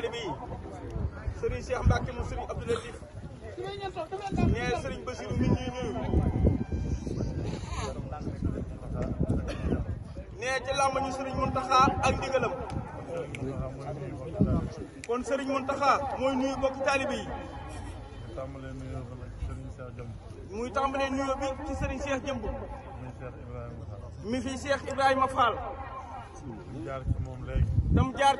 taalibe yi sëriñ Cheikh Mbacke mu sëriñ Abdou Latif nee sëriñ Bassirou mi ñuy nuyu nee ci làmb ñu sëriñ Mountakha ak ndigalam kon sëriñ Mountakha mooy nuyu bokk muy tàmbalee nuyoo bi sëriñ Cheikh Jëmb mi fi Cheikh Ibrahima Fall tam jaar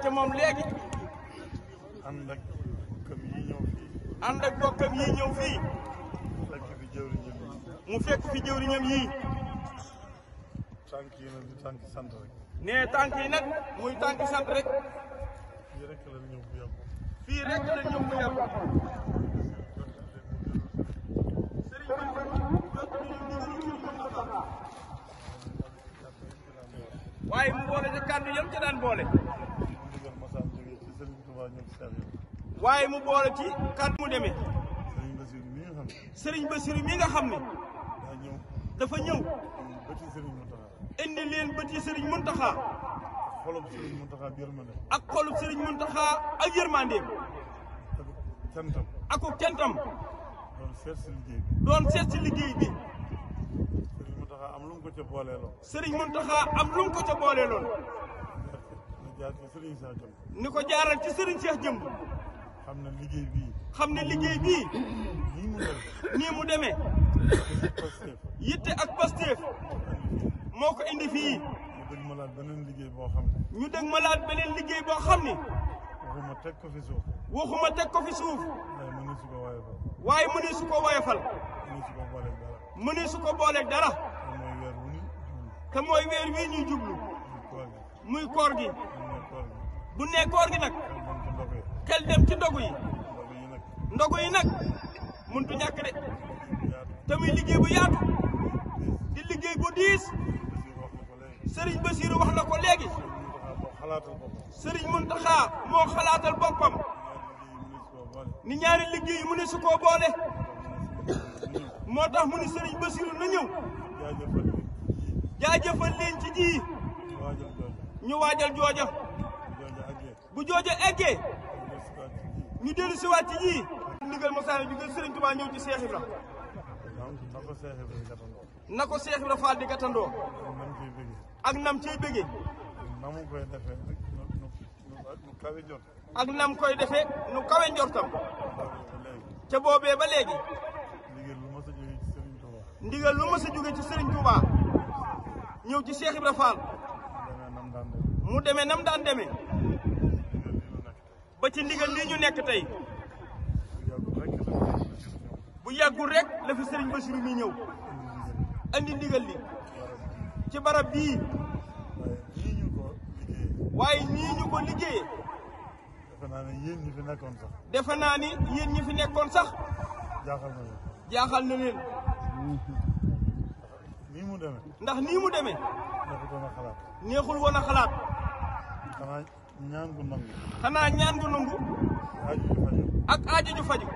ànd ak bokkam yi ñëw fii. ànd ak fekk fi jëwriñam yi. mu fekk fi jëwriñam yi. tànk yi nag sant rek. nee tànk muy tànk rek. fii rek la ñëw bu yàgg. fii rek la ñëw bu yàgg. waaye mu boole ca kàddu yam ca daan boole. waaye mu boole ci kat mu demee. Serigne Bassirou mi nga xam ne. Serigne mi nga xam ne. dafa ñëw. indi leen bëti Serigne Mountakha. ak xolub Serigne Mountakha ak yërmandeem. ak xolub Serigne Mountakha ak yërmandeem. ak ko doon seet si liggéey bi. doon seet si liggéey bi. am lu ko ca booleeloon. Serigne Mountakha am lu ko ca booleeloon. jaar ci Serigne Cheikh jëm. ni ko jaaral ci Serigne Cheikh jëm. xam na liggéey bii. xam na liggéey bii. nii mu deme nii mu demee. yitte ak Pastef. moo ko indi fii. ñu dëgg malaat beneen liggéey boo xam ne. ñu dëgg malaat liggéey boo xam ne. waxuma teg ko fi suuf. waxuma teg ko fi waaye mënee su ko woyofal. waaye mënee su ko woyofal. mënee dara. mënee su ko booleeg dara. te mooy weer wi ñuy jublu. muy koor gi. bu ne koor gi nag xel dem ci ndogu yi ndogu yi nag muntu ñàkk de te liggéey bu yaatu di liggéey bu diis Serigne Bassirou wax na ko léegi Serigne Mountakha moo xalaatal boppam ni ñaari liggéey yi mu ne su koo boole moo tax mu ni Serigne Bassirou na ñëw leen ci ji ñu waajal jooja. bu jooju eggee ñu dellu si waat ci ñii. ndigal Moussa bi gën Serigne ñëw ci Cheikh na ko Cheikh Ibra Fall di gàttandoo. ak nam cey bëggee. ak nam koy defee nu kawe ca boobee ba léegi. ndigal lu mës a jóge ci Serigne ñëw ci Cheikh Ibra Fall. mu demee nam daan demee. ba ci ndigal li ñu nekk tey bu yàggul rek la fi sëriñ Bassirou mi ñëw andi ndigal li ci barab bii waaye nii ñu ko liggéeyee defe naa ni yéen ñu fi nekkoon sax defe naa ni yéen ñi fi nekkoon sax jaaxal na leen nii mu demee ndax nii mu demee neexul woon xalaat neexul woon a xalaat ñaan gu nangu. xanaa ñaan gu nangu. ak aajo ju faju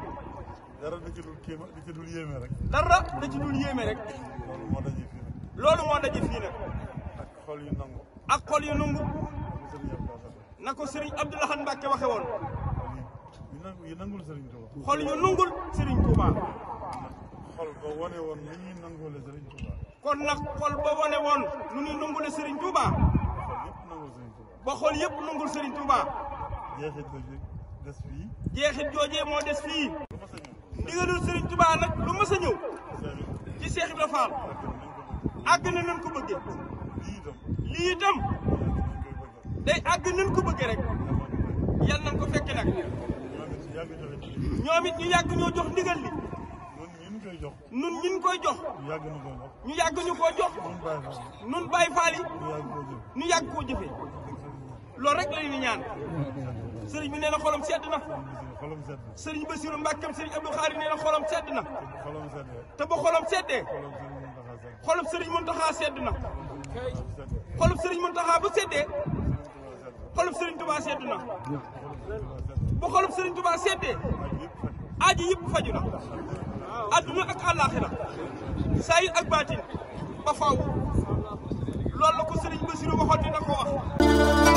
dara da ci dul kéema da ci dul yéeme rek. dara da ci rek. loolu moo daje loolu moo daje fii nag. ak xol yu nangu. ak xol yu nangu. na ko Serigne Abdou Lahad Mbacké waxe woon. xol yu nangul Serigne Touba. xol yu nangul Serigne Touba. xol ba wane woon ni ñuy nanguwale Serigne kon nag xol ba wane woon nu ñuy nanguwale Serigne ba xool yëpp nangul Serigne Touba. jeexit jooju des fii. jeexit joojee moo des fii. ndigalul Serigne Touba nag lu mës a ñëw. ci Cheikh na nañ ko lii itam. day àgg nañ ko bëggee rek. yal nañ fekke nag. ñoom it ñu ñoo jox ndigal li. koy jox. nun ñin koy jox. ñu yàgg ñu koy jox. nun bàyyi faali. ñu yàgg koo jëfee. loolu rek la ñuy ñaan. sëriñ bi nee na xolam sedd na. sëriñ Basiru Mbàkkam sëriñ Abdou Khari nee na xolam sedd na. te ba xolam seddee. xolub sëriñ Muntaxa sedd na. xolub sëriñ Muntaxa bu seddee. xolub sëriñ Tuubaa sedd na. ba xolub sëriñ Tuubaa seddee. aaji yëpp faju na. adduna ak àllaaxira saayir ak baatin ba faaw loolu la ko sëriñ Basiru waxoon dina ko wax